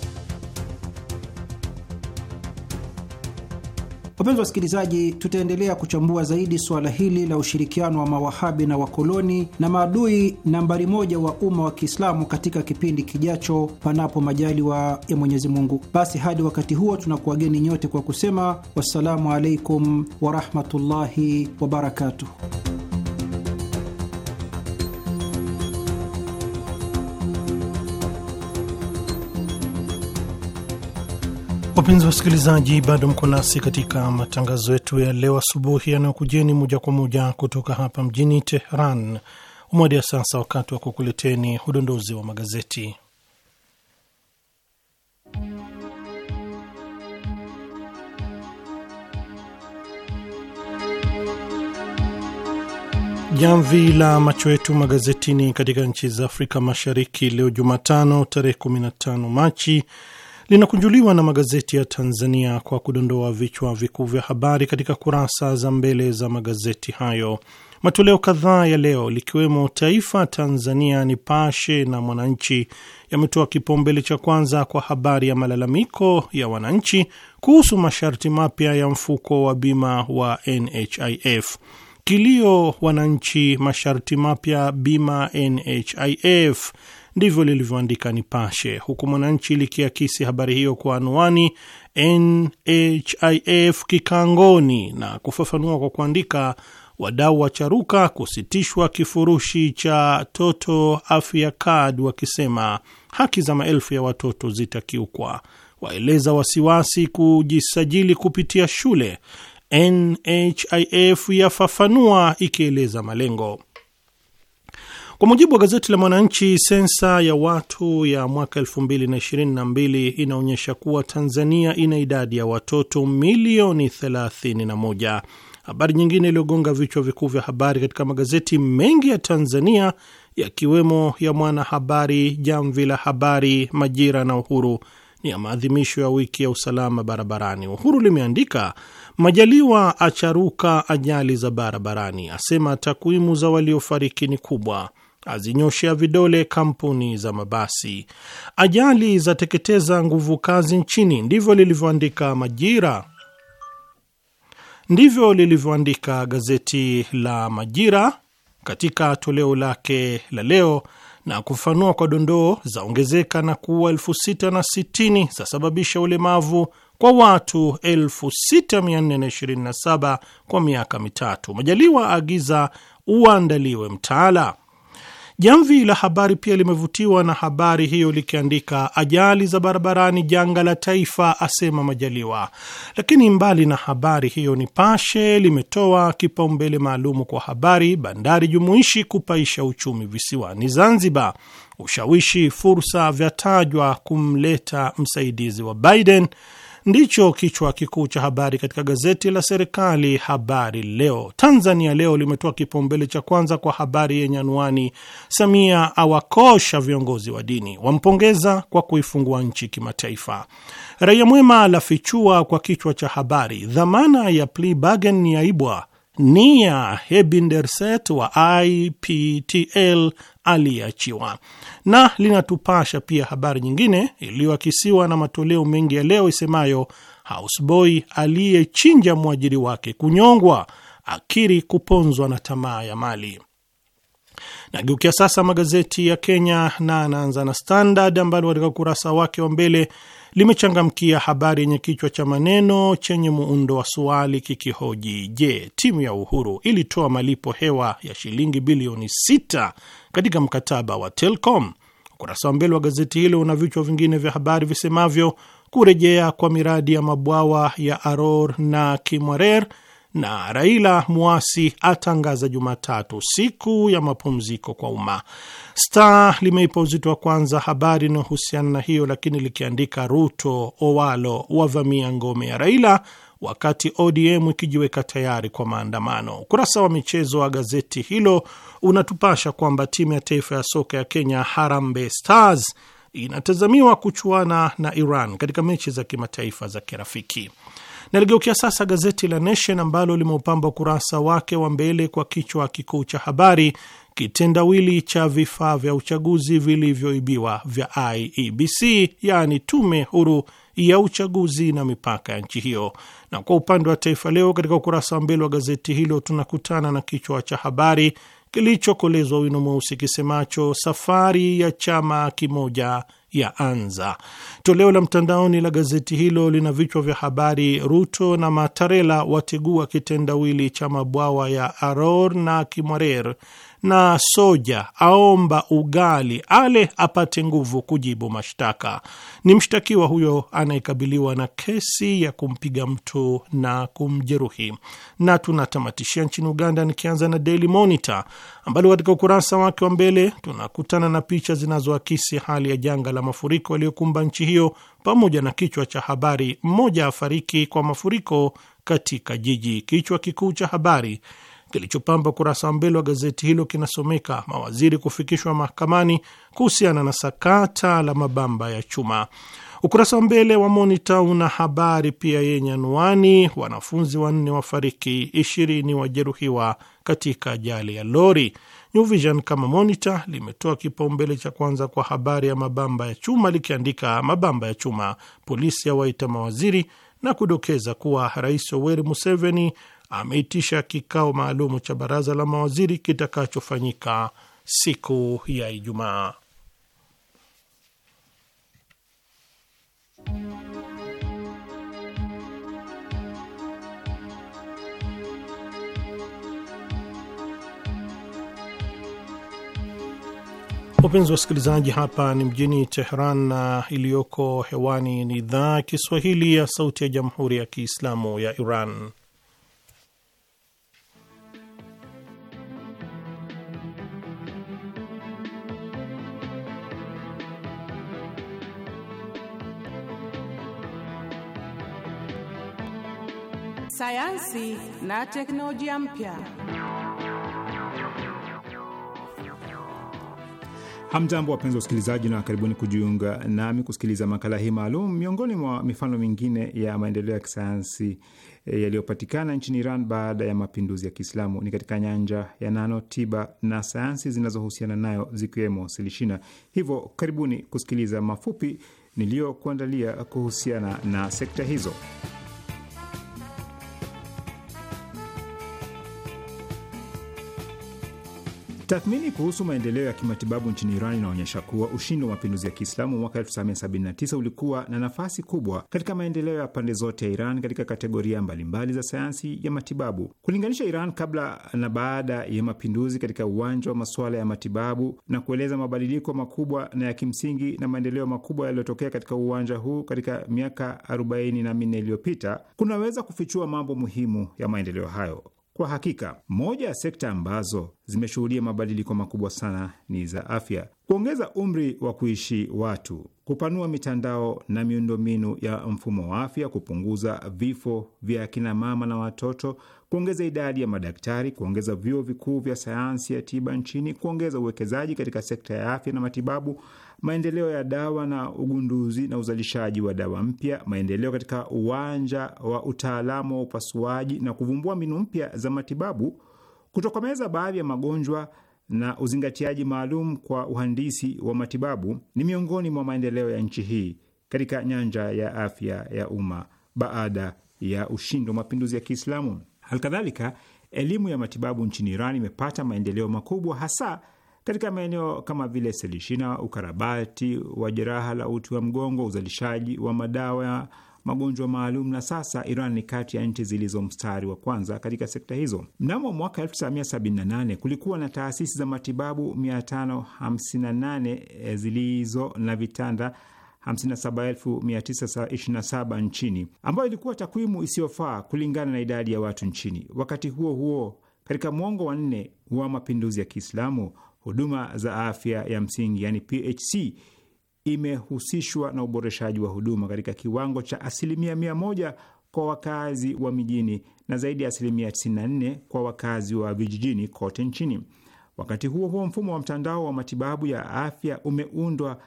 Wapenzi wasikilizaji, tutaendelea kuchambua zaidi suala hili la ushirikiano wa mawahabi na wakoloni na maadui nambari moja wa umma wa Kiislamu katika kipindi kijacho, panapo majaliwa ya Mwenyezi Mungu. Basi hadi wakati huo, tunakuwageni nyote kwa kusema wassalamu alaikum warahmatullahi wabarakatuh. Wapenzi wasikilizaji, bado mko nasi katika matangazo yetu ya leo asubuhi yanayokujeni moja kwa moja kutoka hapa mjini Teheran. wa sasa wakati wa kukuleteni udondozi wa magazeti. Jamvi la macho yetu magazetini katika nchi za Afrika Mashariki leo Jumatano tarehe 15 Machi linakunjuliwa na magazeti ya Tanzania kwa kudondoa vichwa vikuu vya habari katika kurasa za mbele za magazeti hayo. Matoleo kadhaa ya leo likiwemo Taifa, Tanzania, Nipashe na Mwananchi yametoa kipaumbele cha kwanza kwa habari ya malalamiko ya wananchi kuhusu masharti mapya ya mfuko wa bima wa NHIF. Kilio wananchi, masharti mapya bima NHIF Ndivyo lilivyoandika Nipashe, huku Mwananchi likiakisi habari hiyo kwa anwani NHIF kikangoni na kufafanua kwa kuandika wadau wa charuka kusitishwa kifurushi cha Toto Afya kad, wakisema haki za maelfu ya watoto zitakiukwa, waeleza wasiwasi kujisajili kupitia shule. NHIF yafafanua ikieleza malengo. Kwa mujibu wa gazeti la Mwananchi, sensa ya watu ya mwaka 2022 inaonyesha kuwa Tanzania ina idadi ya watoto milioni 31. Habari nyingine iliyogonga vichwa vikuu vya habari katika magazeti mengi ya Tanzania yakiwemo ya Mwanahabari, Jamvi la Habari, Majira na Uhuru ni ya maadhimisho ya wiki ya usalama barabarani. Uhuru limeandika Majaliwa acharuka ajali za barabarani, asema takwimu za waliofariki ni kubwa, azinyoshea vidole kampuni za mabasi. Ajali zateketeza nguvu kazi nchini, ndivyo lilivyoandika Majira, ndivyo lilivyoandika gazeti la Majira katika toleo lake la leo na kufanua kwa dondoo zaongezeka na kuwa elfu sita na sitini zasababisha ulemavu kwa watu 6427 kwa miaka mitatu. Majaliwa aagiza uandaliwe mtaala. Jamvi la Habari pia limevutiwa na habari hiyo likiandika, ajali za barabarani janga la taifa, asema Majaliwa. Lakini mbali na habari hiyo, Nipashe limetoa kipaumbele maalumu kwa habari bandari jumuishi kupaisha uchumi visiwani Zanzibar. Ushawishi fursa vyatajwa kumleta msaidizi wa Biden ndicho kichwa kikuu cha habari katika gazeti la serikali Habari Leo. Tanzania Leo limetoa kipaumbele cha kwanza kwa habari yenye anwani, Samia awakosha viongozi wa dini, wampongeza kwa kuifungua nchi kimataifa. Raia Mwema lafichua kwa kichwa cha habari, dhamana ya plea bargain ya ni nia Hebinderset wa IPTL aliyeachiwa na linatupasha pia habari nyingine iliyoakisiwa na matoleo mengi ya leo isemayo, houseboy aliyechinja mwajiri wake kunyongwa akiri kuponzwa na tamaa ya mali. Nageukia sasa magazeti ya Kenya na anaanza na Standard ambalo katika ukurasa wake wa mbele limechangamkia habari yenye kichwa cha maneno chenye muundo wa suali kikihoji, je, timu ya Uhuru ilitoa malipo hewa ya shilingi bilioni sita katika mkataba wa telcom Ukurasa wa mbele wa gazeti hilo una vichwa vingine vya habari visemavyo kurejea kwa miradi ya mabwawa ya Aror na Kimwarer na Raila muasi atangaza Jumatatu siku ya mapumziko kwa umma. Star limeipa uzito wa kwanza habari inayohusiana na hiyo, lakini likiandika Ruto Owalo wavamia ngome ya Raila wakati ODM ikijiweka tayari kwa maandamano. Ukurasa wa michezo wa gazeti hilo unatupasha kwamba timu ya taifa ya soka ya Kenya, Harambee Stars, inatazamiwa kuchuana na Iran katika mechi za kimataifa za kirafiki. Naligeukia sasa gazeti la Nation ambalo limeupamba ukurasa wake wa mbele kwa kichwa kikuu cha habari kitendawili cha vifaa vya uchaguzi vilivyoibiwa vya IEBC, yaani tume huru ya uchaguzi na mipaka ya nchi hiyo. Na kwa upande wa Taifa Leo, katika ukurasa wa mbele wa gazeti hilo tunakutana na kichwa cha habari kilichokolezwa wino mweusi kisemacho safari ya chama kimoja ya anza. Toleo la mtandaoni la gazeti hilo lina vichwa vya habari: Ruto na Matarela wategua kitendawili cha mabwawa ya Aror na Kimwarer na soja, aomba ugali ale apate nguvu kujibu mashtaka. Ni mshtakiwa huyo anayekabiliwa na kesi ya kumpiga mtu na kumjeruhi. Na tunatamatishia nchini Uganda, nikianza na Daily Monitor ambalo katika ukurasa wake wa mbele tunakutana na picha zinazoakisi hali ya janga la mafuriko yaliyokumba nchi hiyo pamoja na kichwa cha habari, mmoja afariki kwa mafuriko katika jiji. Kichwa kikuu cha habari Kilichopamba ukurasa wa mbele wa gazeti hilo kinasomeka mawaziri kufikishwa mahakamani kuhusiana na sakata la mabamba ya chuma. Ukurasa wa mbele wa Monita una habari pia yenye anuani wanafunzi wanne wafariki, ishirini wajeruhiwa katika ajali ya lori. New Vision kama Monita limetoa kipaumbele cha kwanza kwa habari ya mabamba ya chuma likiandika, mabamba ya chuma, polisi yawaita mawaziri na kudokeza kuwa Rais Yoweri Museveni ameitisha kikao maalum cha baraza la mawaziri kitakachofanyika siku ya Ijumaa. Wapenzi wa wasikilizaji, hapa ni mjini Teheran na iliyoko hewani ni idhaa Kiswahili ya Sauti ya Jamhuri ya Kiislamu ya Iran. sayansi na teknolojia mpya. Hamjambo, wapenzi wa usikilizaji, na karibuni kujiunga nami kusikiliza makala hii maalum. Miongoni mwa mifano mingine ya maendeleo ya kisayansi eh, yaliyopatikana nchini Iran baada ya mapinduzi ya Kiislamu ni katika nyanja ya nano, tiba na sayansi zinazohusiana nayo zikiwemo silishina. Hivyo karibuni kusikiliza mafupi niliyokuandalia kuhusiana na sekta hizo. Tathmini kuhusu maendeleo ya kimatibabu nchini Iran inaonyesha kuwa ushindi wa mapinduzi ya Kiislamu mwaka 1979 ulikuwa na nafasi kubwa katika maendeleo ya pande zote ya Iran katika kategoria mbalimbali za sayansi ya matibabu. Kulinganisha Iran kabla na baada ya mapinduzi katika uwanja wa masuala ya matibabu na kueleza mabadiliko makubwa na ya kimsingi na maendeleo makubwa yaliyotokea katika uwanja huu katika miaka 44 iliyopita kunaweza kufichua mambo muhimu ya maendeleo hayo. Kwa hakika moja ya sekta ambazo zimeshuhudia mabadiliko makubwa sana ni za afya. Kuongeza umri wa kuishi watu, kupanua mitandao na miundombinu ya mfumo wa afya, kupunguza vifo vya akina mama na watoto, kuongeza idadi ya madaktari, kuongeza vyuo vikuu vya sayansi ya tiba nchini, kuongeza uwekezaji katika sekta ya afya na matibabu maendeleo ya dawa na ugunduzi na uzalishaji wa dawa mpya, maendeleo katika uwanja wa utaalamu wa upasuaji na kuvumbua mbinu mpya za matibabu, kutokomeza baadhi ya magonjwa na uzingatiaji maalum kwa uhandisi wa matibabu ni miongoni mwa maendeleo ya nchi hii katika nyanja ya afya ya umma baada ya ushindi wa mapinduzi ya Kiislamu. Halikadhalika, elimu ya matibabu nchini Iran imepata maendeleo makubwa hasa katika maeneo kama vile selishina, ukarabati wa jeraha la uti wa mgongo, uzalishaji wa madawa ya magonjwa maalum na sasa Iran ni kati ya nchi zilizo mstari wa kwanza katika sekta hizo. Mnamo mwaka 1978 kulikuwa na taasisi za matibabu 558 eh, zilizo na vitanda 57927 nchini, ambayo ilikuwa takwimu isiyofaa kulingana na idadi ya watu nchini. Wakati huo huo, katika mwongo wa nne wa mapinduzi ya Kiislamu huduma za afya ya msingi yani PHC imehusishwa na uboreshaji wa huduma katika kiwango cha asilimia mia moja kwa wakazi wa mijini na zaidi ya asilimia 94 kwa wakazi wa vijijini kote nchini. Wakati huo huo, mfumo wa mtandao wa matibabu ya afya umeundwa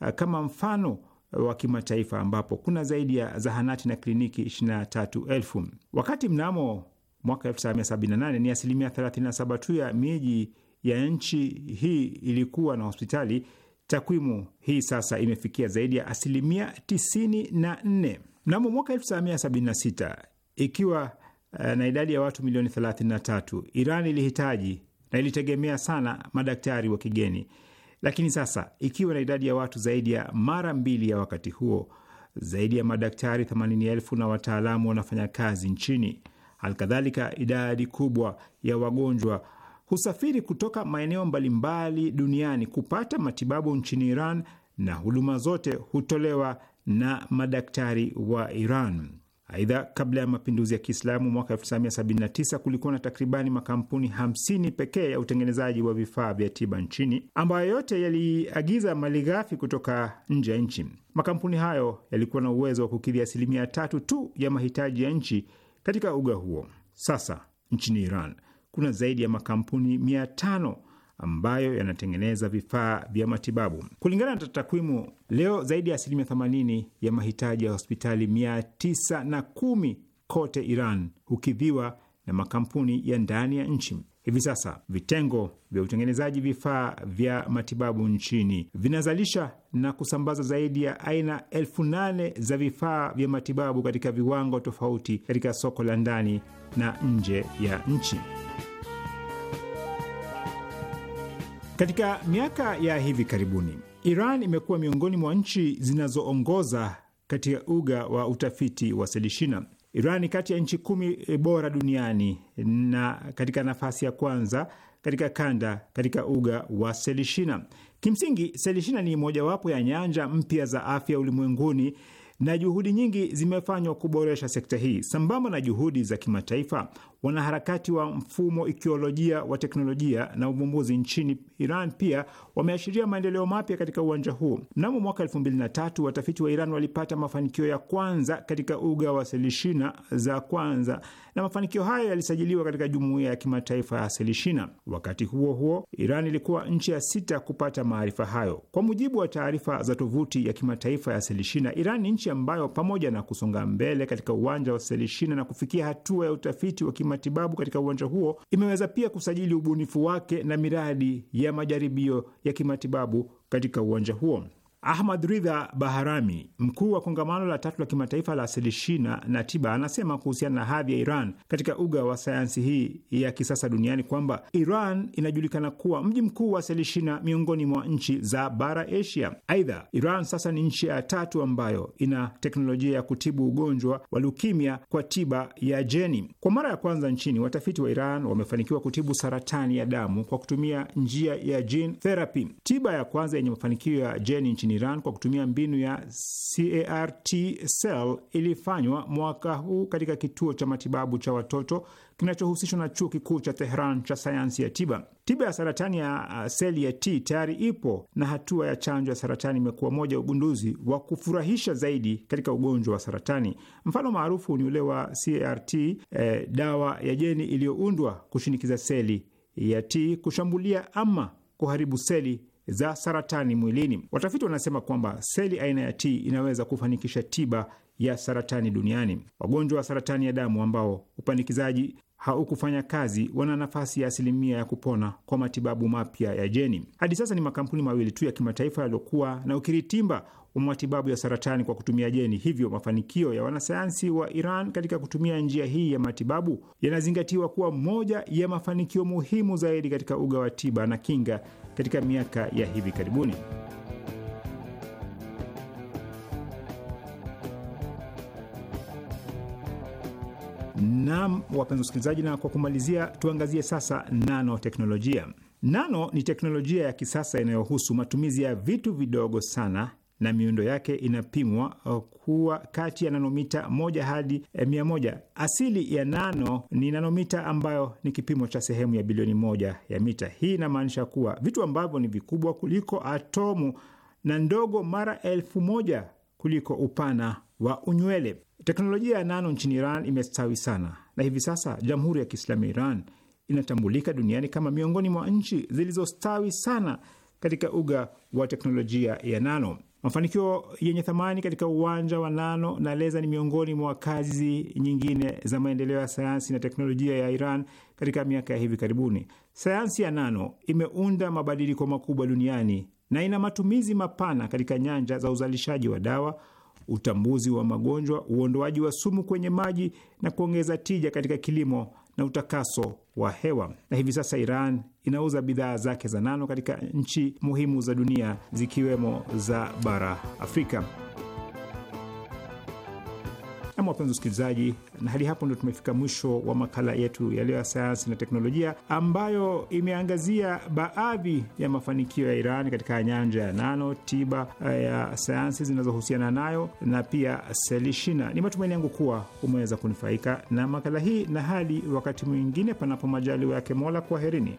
uh, kama mfano wa kimataifa ambapo kuna zaidi ya zahanati na kliniki 23,000 wakati mnamo mwaka 1978 ni asilimia 37 tu ya miji ya nchi hii ilikuwa na hospitali, takwimu hii sasa imefikia zaidi ya asilimia 94. Mnamo mwaka 1976 ikiwa eh, na idadi ya watu milioni 33, Iran ilihitaji na ilitegemea sana madaktari wa kigeni, lakini sasa ikiwa na idadi ya watu zaidi ya mara mbili ya wakati huo, zaidi ya madaktari 80,000 na wataalamu wanafanya kazi nchini. Halikadhalika, idadi kubwa ya wagonjwa husafiri kutoka maeneo mbalimbali duniani kupata matibabu nchini Iran na huduma zote hutolewa na madaktari wa Iran. Aidha, kabla ya mapinduzi ya Kiislamu mwaka 1979 kulikuwa na takribani makampuni 50 pekee ya utengenezaji wa vifaa vya tiba nchini ambayo yote yaliagiza malighafi kutoka nje ya nchi. Makampuni hayo yalikuwa na uwezo wa kukidhi asilimia tatu tu ya mahitaji ya nchi katika uga huo. Sasa nchini Iran kuna zaidi ya makampuni mia tano ambayo yanatengeneza vifaa vya matibabu. Kulingana na takwimu, leo zaidi ya asilimia 80 ya mahitaji ya hospitali mia tisa na kumi kote Iran hukidhiwa na makampuni ya ndani ya nchi. Hivi sasa vitengo vya utengenezaji vifaa vya matibabu nchini vinazalisha na kusambaza zaidi ya aina elfu nane za vifaa vya matibabu katika viwango tofauti katika soko la ndani na nje ya nchi. Katika miaka ya hivi karibuni, Iran imekuwa miongoni mwa nchi zinazoongoza katika uga wa utafiti wa selishina. Iran ni kati ya nchi kumi eh, bora duniani na katika nafasi ya kwanza katika kanda katika uga wa selishina. Kimsingi, selishina ni mojawapo ya nyanja mpya za afya ulimwenguni na juhudi nyingi zimefanywa kuboresha sekta hii. Sambamba na juhudi za kimataifa, wanaharakati wa mfumo ikiolojia wa teknolojia na uvumbuzi nchini Iran pia wameashiria maendeleo mapya katika uwanja huo. Mnamo mwaka elfu mbili na tatu watafiti wa Iran walipata mafanikio ya kwanza katika uga wa selishina za kwanza, na mafanikio hayo yalisajiliwa katika jumuiya ya kimataifa ya selishina. Wakati huo huo, Iran ilikuwa nchi ya sita kupata maarifa hayo. Kwa mujibu wa taarifa za tovuti ya kimataifa ya selishina, Iran ni nchi ambayo pamoja na kusonga mbele katika uwanja wa selishina na kufikia hatua ya utafiti wa kimatibabu katika uwanja huo imeweza pia kusajili ubunifu wake na miradi ya majaribio ya kimatibabu katika uwanja huo. Ahmad Ridha Baharami, mkuu wa kongamano la tatu la kimataifa la selishina na tiba, anasema kuhusiana na hadhi ya Iran katika uga wa sayansi hii ya kisasa duniani kwamba Iran inajulikana kuwa mji mkuu wa selishina miongoni mwa nchi za bara Asia. Aidha, Iran sasa ni nchi ya tatu ambayo ina teknolojia ya kutibu ugonjwa wa lukimia kwa tiba ya jeni. Kwa mara ya kwanza nchini, watafiti wa Iran wamefanikiwa kutibu saratani ya damu kwa kutumia njia ya gene therapy. Tiba ya kwanza yenye mafanikio ya jeni nchini nchini Iran kwa kutumia mbinu ya cart cell ilifanywa mwaka huu katika kituo cha matibabu cha watoto kinachohusishwa na chuo kikuu cha Tehran cha sayansi ya tiba. Tiba ya saratani ya seli uh, ya T tayari ipo na hatua ya chanjo ya saratani imekuwa moja ugunduzi wa kufurahisha zaidi katika ugonjwa wa saratani. Mfano maarufu ni ule wa CART, eh, dawa ya jeni iliyoundwa kushinikiza seli ya T kushambulia ama kuharibu seli za saratani mwilini. Watafiti wanasema kwamba seli aina ya T inaweza kufanikisha tiba ya saratani duniani. Wagonjwa wa saratani ya damu ambao upandikizaji haukufanya kazi, wana nafasi ya asilimia ya kupona kwa matibabu mapya ya jeni. Hadi sasa ni makampuni mawili tu ya kimataifa yaliyokuwa na ukiritimba wa matibabu ya saratani kwa kutumia jeni. Hivyo mafanikio ya wanasayansi wa Iran katika kutumia njia hii ya matibabu yanazingatiwa kuwa moja ya mafanikio muhimu zaidi katika uga wa tiba na kinga katika miaka ya hivi karibuni. Naam wapenzi wasikilizaji, na kwa kumalizia, tuangazie sasa nanoteknolojia. Nano ni teknolojia ya kisasa inayohusu matumizi ya vitu vidogo sana na miundo yake inapimwa uh, kuwa kati ya nanomita moja hadi eh, mia moja. Asili ya nano ni nanomita ambayo ni kipimo cha sehemu ya bilioni moja ya mita. Hii inamaanisha kuwa vitu ambavyo ni vikubwa kuliko atomu na ndogo mara elfu moja kuliko upana wa unywele. Teknolojia ya nano nchini Iran imestawi sana na hivi sasa Jamhuri ya Kiislamu ya Iran inatambulika duniani kama miongoni mwa nchi zilizostawi sana katika uga wa teknolojia ya nano. Mafanikio yenye thamani katika uwanja wa nano na leza ni miongoni mwa kazi nyingine za maendeleo ya sayansi na teknolojia ya Iran katika miaka ya hivi karibuni. Sayansi ya nano imeunda mabadiliko makubwa duniani na ina matumizi mapana katika nyanja za uzalishaji wa dawa, utambuzi wa magonjwa, uondoaji wa sumu kwenye maji na kuongeza tija katika kilimo na utakaso wa hewa. Na hivi sasa Iran inauza bidhaa zake za nano katika nchi muhimu za dunia zikiwemo za bara Afrika. Na wapenzi usikilizaji, na hadi hapo ndio tumefika mwisho wa makala yetu ya leo ya sayansi na teknolojia ambayo imeangazia baadhi ya mafanikio ya Iran katika nyanja ya nano, tiba eh, ya sayansi zinazohusiana nayo na pia selishina. Ni matumaini yangu kuwa umeweza kunufaika na makala hii, na hadi wakati mwingine, panapo majaliwa yake Mola, kwaherini.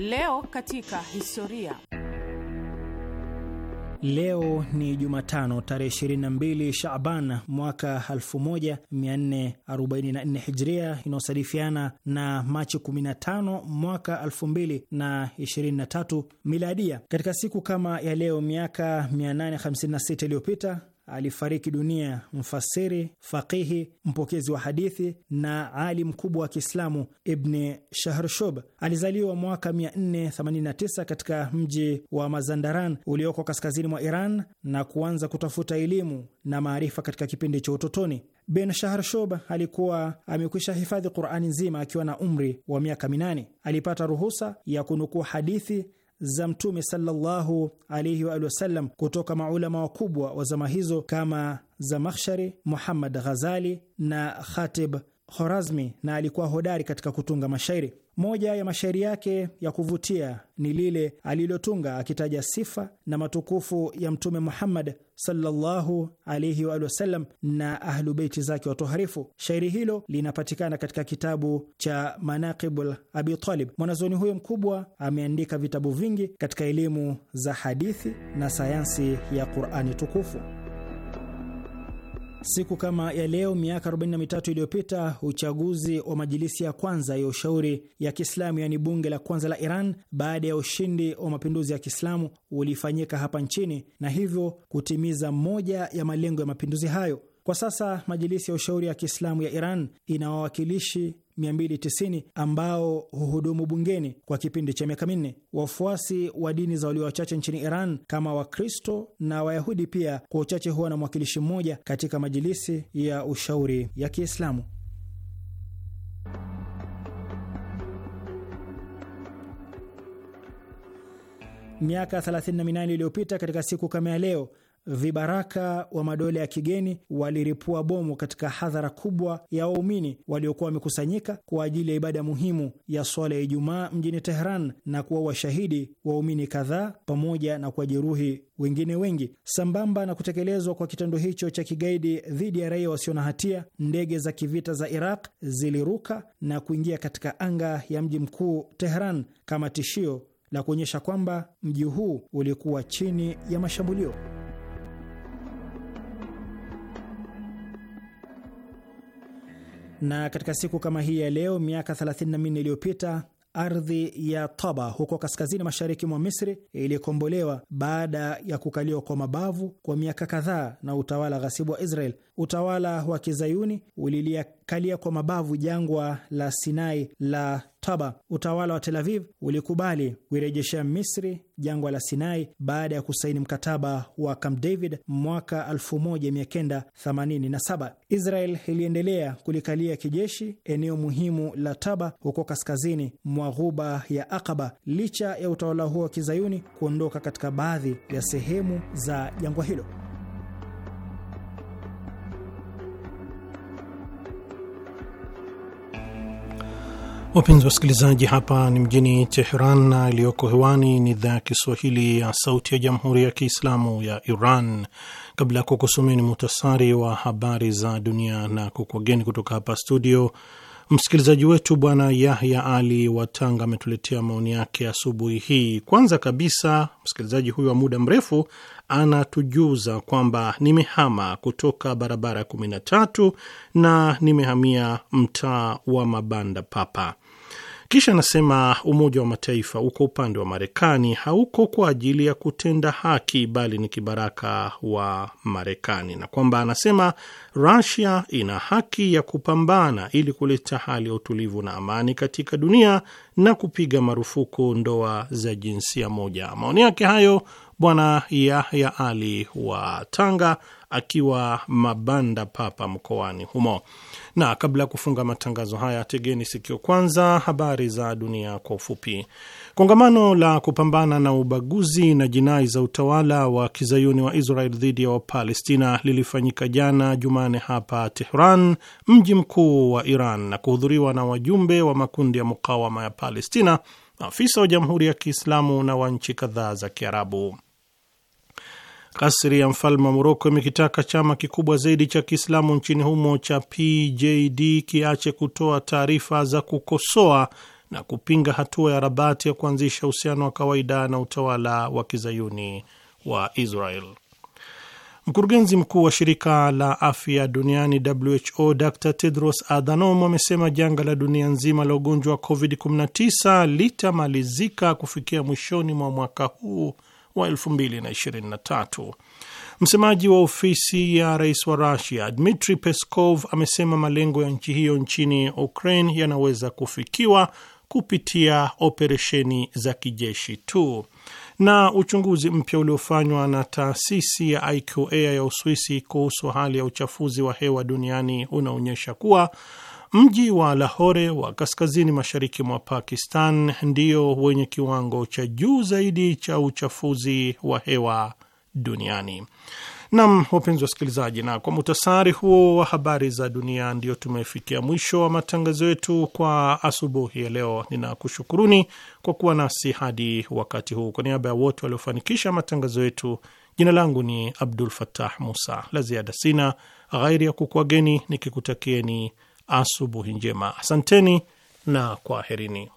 Leo katika historia. Leo ni Jumatano tarehe 22 Shaban mwaka 1444 Hijria, inayosadifiana na Machi 15 mwaka 2023 Miladia. Katika siku kama ya leo miaka 856 iliyopita alifariki dunia mfasiri, faqihi, mpokezi wa hadithi na ali mkubwa wa Kiislamu Ibni Shahrshub. Alizaliwa mwaka 489 katika mji wa Mazandaran ulioko kaskazini mwa Iran na kuanza kutafuta elimu na maarifa katika kipindi cha utotoni. Ben Shahrshub alikuwa amekwisha hifadhi Qurani nzima akiwa na umri wa miaka minane. Alipata ruhusa ya kunukuu hadithi za Mtume sallallahu alaihi wa wasallam kutoka maulama wakubwa wa zama hizo kama Zamakhshari, Muhammad Ghazali na Khatib Khorazmi, na alikuwa hodari katika kutunga mashairi. Moja ya mashairi yake ya kuvutia ni lile alilotunga akitaja sifa na matukufu ya Mtume Muhammad sallallahu alaihi wa sallam na ahlu beiti zake watoharifu. Shairi hilo linapatikana katika kitabu cha Manaqibul Abi Talib. Mwanazoni huyo mkubwa ameandika vitabu vingi katika elimu za hadithi na sayansi ya Qurani tukufu. Siku kama ya leo miaka 43 iliyopita uchaguzi wa majilisi ya kwanza ya ushauri ya Kiislamu, yaani bunge la kwanza la Iran, baada ya ushindi wa mapinduzi ya Kiislamu ulifanyika hapa nchini na hivyo kutimiza moja ya malengo ya mapinduzi hayo. Kwa sasa majilisi ya ushauri ya Kiislamu ya Iran ina wawakilishi 290 ambao huhudumu bungeni kwa kipindi cha miaka minne. Wafuasi wa dini za walio wachache nchini Iran kama Wakristo na Wayahudi pia kwa uchache huwa na mwakilishi mmoja katika majilisi ya ushauri ya Kiislamu. Miaka 38 iliyopita katika siku kama ya leo vibaraka wa madola ya kigeni waliripua bomu katika hadhara kubwa ya waumini waliokuwa wamekusanyika kwa ajili ya ibada muhimu ya swala ya Ijumaa mjini Tehran na kuwa washahidi waumini kadhaa pamoja na kuwajeruhi wengine wengi. Sambamba na kutekelezwa kwa kitendo hicho cha kigaidi dhidi ya raia wasio na hatia, ndege za kivita za Iraq ziliruka na kuingia katika anga ya mji mkuu Tehran kama tishio la kuonyesha kwamba mji huu ulikuwa chini ya mashambulio. Na katika siku kama hii ya leo miaka 34 iliyopita ardhi ya Taba huko kaskazini mashariki mwa Misri ilikombolewa baada ya kukaliwa kwa mabavu kwa miaka kadhaa na utawala ghasibu wa Israel. Utawala wa kizayuni uliliakalia kwa mabavu jangwa la Sinai la Taba. Utawala wa Tel Aviv ulikubali kuirejeshea Misri jangwa la Sinai baada ya kusaini mkataba wa Camp David mwaka 1987. Israel iliendelea kulikalia kijeshi eneo muhimu la Taba huko kaskazini mwa ghuba ya Akaba licha ya utawala huo wa kizayuni kuondoka katika baadhi ya sehemu za jangwa hilo. Wapenzi wasikilizaji, hapa ni mjini Teheran na iliyoko hewani ni idhaa ya Kiswahili ya Sauti ya Jamhuri ya Kiislamu ya Iran. Kabla ya ni muhtasari wa habari za dunia na kukwageni kutoka hapa studio, msikilizaji wetu Bwana Yahya Ali wa Tanga ametuletea maoni yake asubuhi hii. Kwanza kabisa, msikilizaji huyu wa muda mrefu anatujuza kwamba nimehama kutoka barabara 13 na nimehamia mtaa wa mabanda papa. Kisha anasema Umoja wa Mataifa uko upande wa Marekani, hauko kwa ajili ya kutenda haki, bali ni kibaraka wa Marekani, na kwamba anasema rasia ina haki ya kupambana ili kuleta hali ya utulivu na amani katika dunia na kupiga marufuku ndoa za jinsia moja. Maoni yake hayo Bwana Yahya Ali wa Tanga akiwa Mabanda Papa mkoani humo. Na kabla ya kufunga matangazo haya, tegeni sikio kwanza habari za dunia kwa ufupi. Kongamano la kupambana na ubaguzi na jinai za utawala wa kizayuni wa Israel dhidi ya Wapalestina lilifanyika jana Jumane hapa Tehran, mji mkuu wa Iran, na kuhudhuriwa na wajumbe wa makundi ya mukawama ya Palestina, maafisa wa Jamhuri ya Kiislamu na wa nchi kadhaa za Kiarabu. Kasri ya mfalme wa Moroko imekitaka chama kikubwa zaidi cha Kiislamu nchini humo cha PJD kiache kutoa taarifa za kukosoa na kupinga hatua ya Rabati ya kuanzisha uhusiano wa kawaida na utawala wa kizayuni wa Israel. Mkurugenzi mkuu wa shirika la afya duniani WHO Dr Tedros Adhanom amesema janga la dunia nzima la ugonjwa wa COVID-19 litamalizika kufikia mwishoni mwa mwaka huu wa 2023. Msemaji wa ofisi ya rais wa Rusia Dmitri Peskov amesema malengo ya nchi hiyo nchini Ukraine yanaweza kufikiwa kupitia operesheni za kijeshi tu. Na uchunguzi mpya uliofanywa na taasisi ya IQA ya Uswisi kuhusu hali ya uchafuzi wa hewa duniani unaonyesha kuwa Mji wa Lahore wa kaskazini mashariki mwa Pakistan ndio wenye kiwango cha juu zaidi cha uchafuzi wa hewa duniani. Nam, wapenzi wasikilizaji, na kwa mutasari huo wa habari za dunia, ndio tumefikia mwisho wa matangazo yetu kwa asubuhi ya leo. Ninakushukuruni kwa kuwa nasi hadi wakati huu. Kwa niaba ya wote waliofanikisha matangazo yetu, jina langu ni Abdul fatah Musa. La ziada sina ghairi ya kukwageni nikikutakieni asubuhi njema. Asanteni na kwaherini.